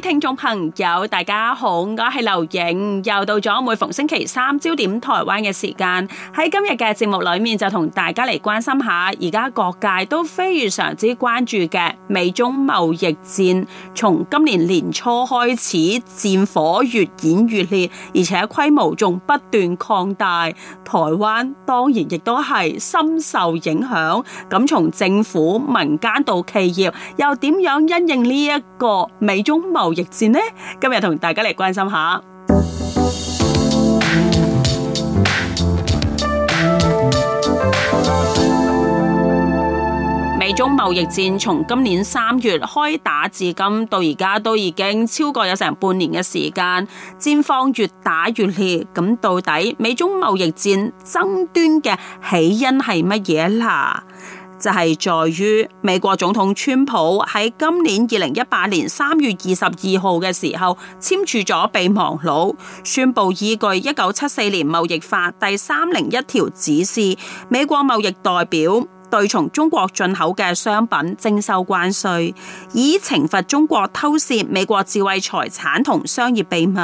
聽眾朋友，大家好，我係劉影，又到咗每逢星期三焦點台灣嘅時間。喺今日嘅節目裏面，就同大家嚟關心下，而家各界都非常之關注嘅美中貿易戰，從今年年初開始戰火越演越烈，而且規模仲不斷擴大。台灣當然亦都係深受影響。咁從政府、民間到企業，又點樣因應呢一個美中貿易？貿易戰咧，今日同大家嚟關心下。美中貿易戰從今年三月開打至今，到而家都已經超過有成半年嘅時間，戰況越打越烈。咁到底美中貿易戰爭端嘅起因係乜嘢啦？就係在於美國總統川普喺今年二零一八年三月二十二號嘅時候簽署咗備忘錄，宣佈依據一九七四年貿易法第三零一條指示，美國貿易代表對從中國進口嘅商品徵收關稅，以懲罰中國偷竊美國智慧財產同商業秘密，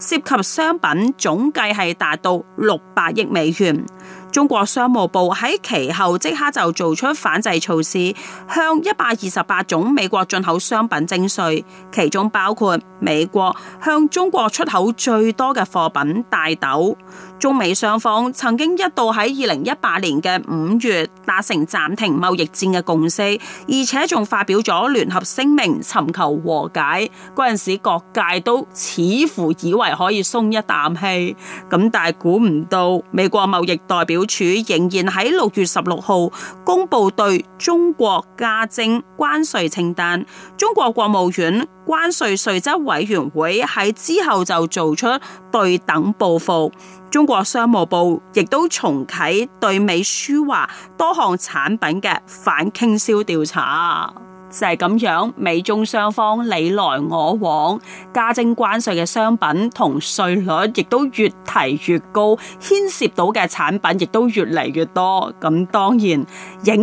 涉及商品總計係達到六百億美元。中國商務部喺其後即刻就做出反制措施，向一百二十八種美國進口商品徵稅，其中包括美國向中國出口最多嘅貨品大豆。中美雙方曾經一度喺二零一八年嘅五月達成暫停貿易戰嘅共識，而且仲發表咗聯合聲明尋求和解。嗰陣時各界都似乎以為可以鬆一啖氣，咁但係估唔到美國貿易代表處仍然喺六月十六號公佈對中國加徵關稅清單。中國國務院。關稅稅則委員會喺之後就做出對等報復，中國商務部亦都重啟對美輸華多項產品嘅反傾銷調查，就係咁樣，美中雙方你來我往，加徵關稅嘅商品同稅率亦都越提越高，牽涉到嘅產品亦都越嚟越多，咁當然影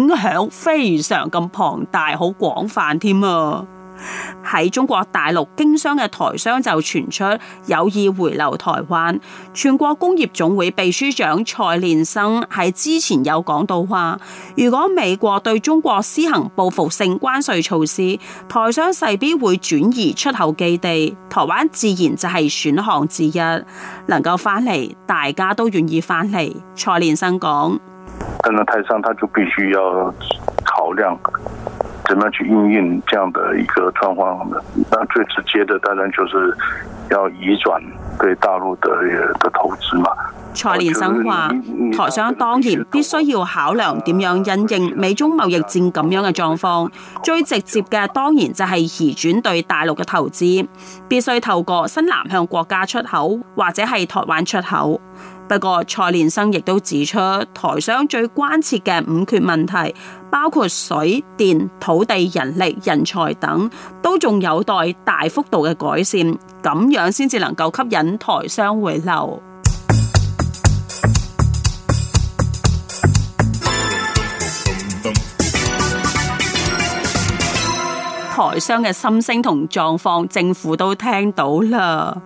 響非常咁龐大，好廣泛添啊！喺中國大陸經商嘅台商就傳出有意回流台灣。全國工業總會秘書長蔡連生喺之前有講到話，如果美國對中國施行報復性關稅措施，台商勢必會轉移出口基地，台灣自然就係選項之一。能夠返嚟，大家都願意返嚟。蔡連生講：，喺呢泰山，他就必須要考量。怎麼樣去運用這樣的一個狀況？那最直接的當然就是要移轉對大陸的的投資。蔡連生話：，台商當然必須要考量點樣引應美中貿易戰咁樣嘅狀況，最直接嘅當然就係移轉對大陸嘅投資，必須透過新南向國家出口或者係台灣出口。不過蔡連生亦都指出，台商最關切嘅五缺問題，包括水、電、土地、人力、人才等，都仲有待大幅度嘅改善，咁樣先至能夠吸引台商回流。台商嘅心聲同狀況，政府都聽到啦。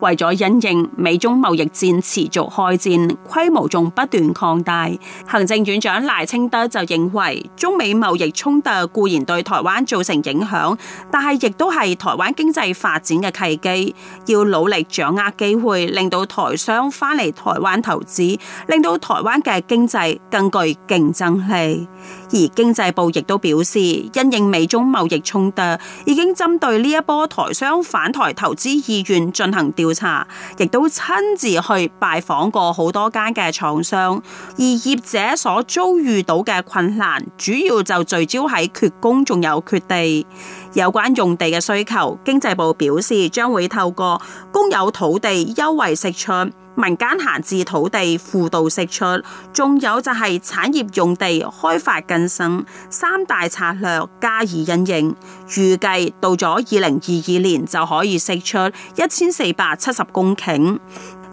為咗因應美中貿易戰持續開戰，規模仲不斷擴大，行政院長賴清德就認為中美貿易衝突固然對台灣造成影響，但係亦都係台灣經濟發展嘅契機，要努力掌握機會，令到台商翻嚟台灣投資，令到台灣嘅經濟更具競爭力。而經濟部亦都表示，因應美中貿易衝突，已經針對呢一波台商返台投資意願進行調。調查，亦都親自去拜訪過好多間嘅廠商，而業者所遭遇到嘅困難，主要就聚焦喺缺工，仲有缺地。有關用地嘅需求，經濟部表示將會透過公有土地優惠釋出。民間閒置土地輔導釋出，仲有就係產業用地開發更新三大策略加以因應，預計到咗二零二二年就可以釋出一千四百七十公頃。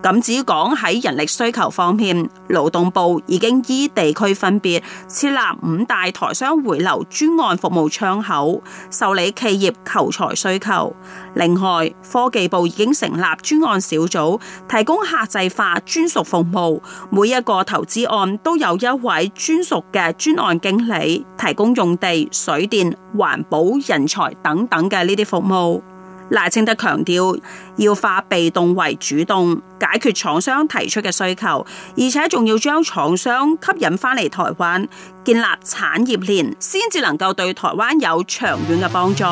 咁只講喺人力需求方面，勞動部已經依地區分別設立五大台商回流專案服務窗口，受理企業求才需求。另外，科技部已經成立專案小組，提供客製化專屬服務，每一個投資案都有一位專屬嘅專案經理，提供用地、水電、環保、人才等等嘅呢啲服務。賴清德強調要化被動為主動，解決廠商提出嘅需求，而且仲要將廠商吸引返嚟台灣，建立產業鏈，先至能夠對台灣有長遠嘅幫助。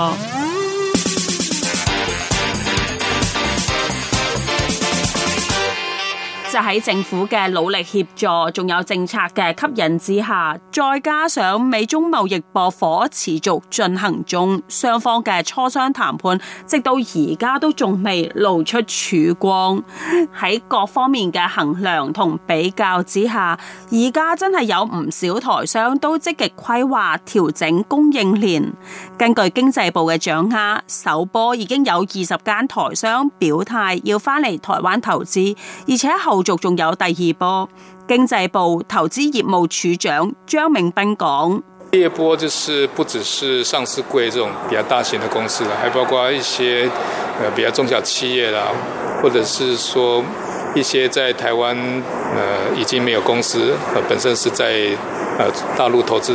就喺政府嘅努力協助，仲有政策嘅吸引之下，再加上美中貿易駁火持續進行中，雙方嘅磋商談判，直到而家都仲未露出曙光。喺各方面嘅衡量同比較之下，而家真係有唔少台商都積極規劃調整供應鏈。根據經濟部嘅掌握，首波已經有二十間台商表態要返嚟台灣投資，而且後。續仲有第二波，經濟部投資業務處長張明斌講：，第二波就是不只是上市櫃這種比較大型的公司啦，還包括一些比較中小企業啦，或者是說一些在台灣、呃、已經沒有公司，呃、本身是在。大陸投資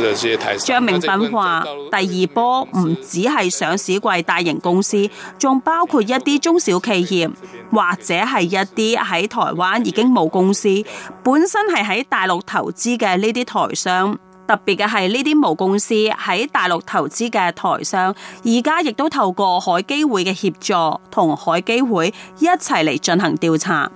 張明品話：，第二波唔止係上市櫃大型公司，仲包括一啲中小企業，或者係一啲喺台灣已經冇公司，本身係喺大陸投資嘅呢啲台商，特別嘅係呢啲冇公司喺大陸投資嘅台商，而家亦都透過海基會嘅協助，同海基會一齊嚟進行調查。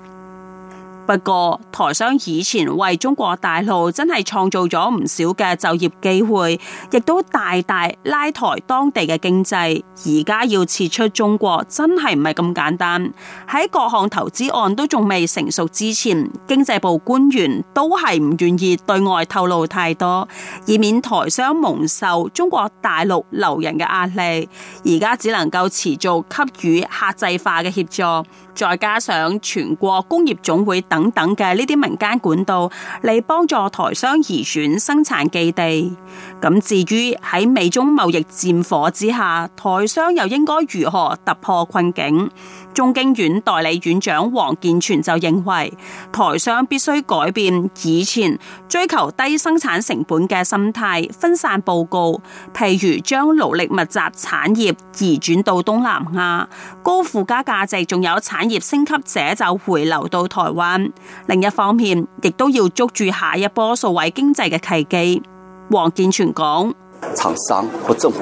不過台商以前為中國大陸真係創造咗唔少嘅就業機會，亦都大大拉抬當地嘅經濟。而家要撤出中國真係唔係咁簡單。喺各項投資案都仲未成熟之前，經濟部官員都係唔願意對外透露太多，以免台商蒙受中國大陸留人嘅壓力。而家只能夠持續給予客製化嘅協助，再加上全國工業總會等等嘅呢啲民間管道，嚟幫助台商移轉生產基地。咁至於喺美中貿易戰火之下，台商又應該如何突破困境？中經院代理院長王健全就認為，台商必須改變以前追求低生產成本嘅心態，分散佈局。譬如將勞力密集產業移轉到東南亞，高附加價值仲有產業升級者就回流到台灣。另一方面，亦都要捉住下一波數位經濟嘅契機。王建全講：廠商或政府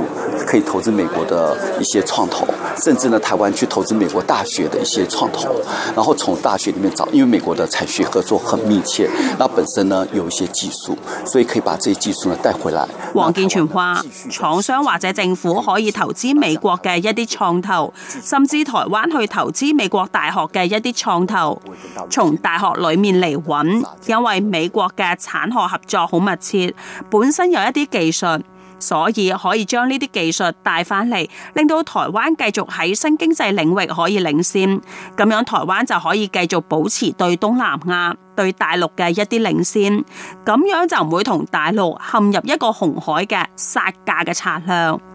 可以投資美國的一些創投。甚至呢，台灣去投資美國大學的一些創投，然後從大學裏面找，因為美國的產學合作很密切，那本身呢有一些技術，所以可以把這些技術呢帶回來。王健全話，廠商或者政府可以投資美國嘅一啲創投，甚至台灣去投資美國大學嘅一啲創投，從大學裏面嚟揾，因為美國嘅產學合作好密切，本身有一啲技術。所以可以將呢啲技術帶翻嚟，令到台灣繼續喺新經濟領域可以領先，咁樣台灣就可以繼續保持對東南亞、對大陸嘅一啲領先，咁樣就唔會同大陸陷入一個紅海嘅殺價嘅策略。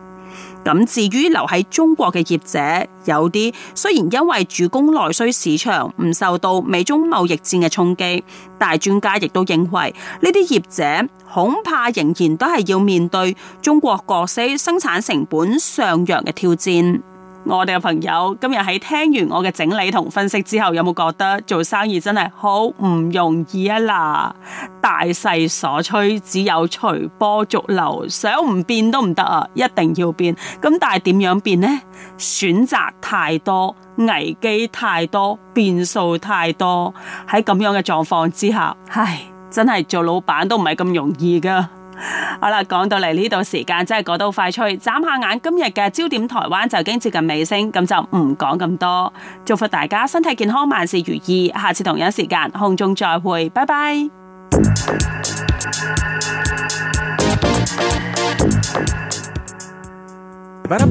咁至於留喺中國嘅業者，有啲雖然因為主攻內需市場，唔受到美中貿易戰嘅衝擊，但係專家亦都認為，呢啲業者恐怕仍然都係要面對中國各式生產成本上揚嘅挑戰。我哋嘅朋友今日喺聽完我嘅整理同分析之後，有冇覺得做生意真係好唔容易啊？嗱，大勢所趨，只有隨波逐流，想唔變都唔得啊，一定要變。咁，但係點樣變呢？選擇太多，危機太多，變數太多。喺咁樣嘅狀況之下，唉，真係做老闆都唔係咁容易嘅。好啦，講到嚟呢度時間真係過到快脆。眨下眼今日嘅焦點台灣就已經接近尾聲，咁就唔講咁多。祝福大家身體健康，萬事如意。下次同一時間空中再會，拜拜。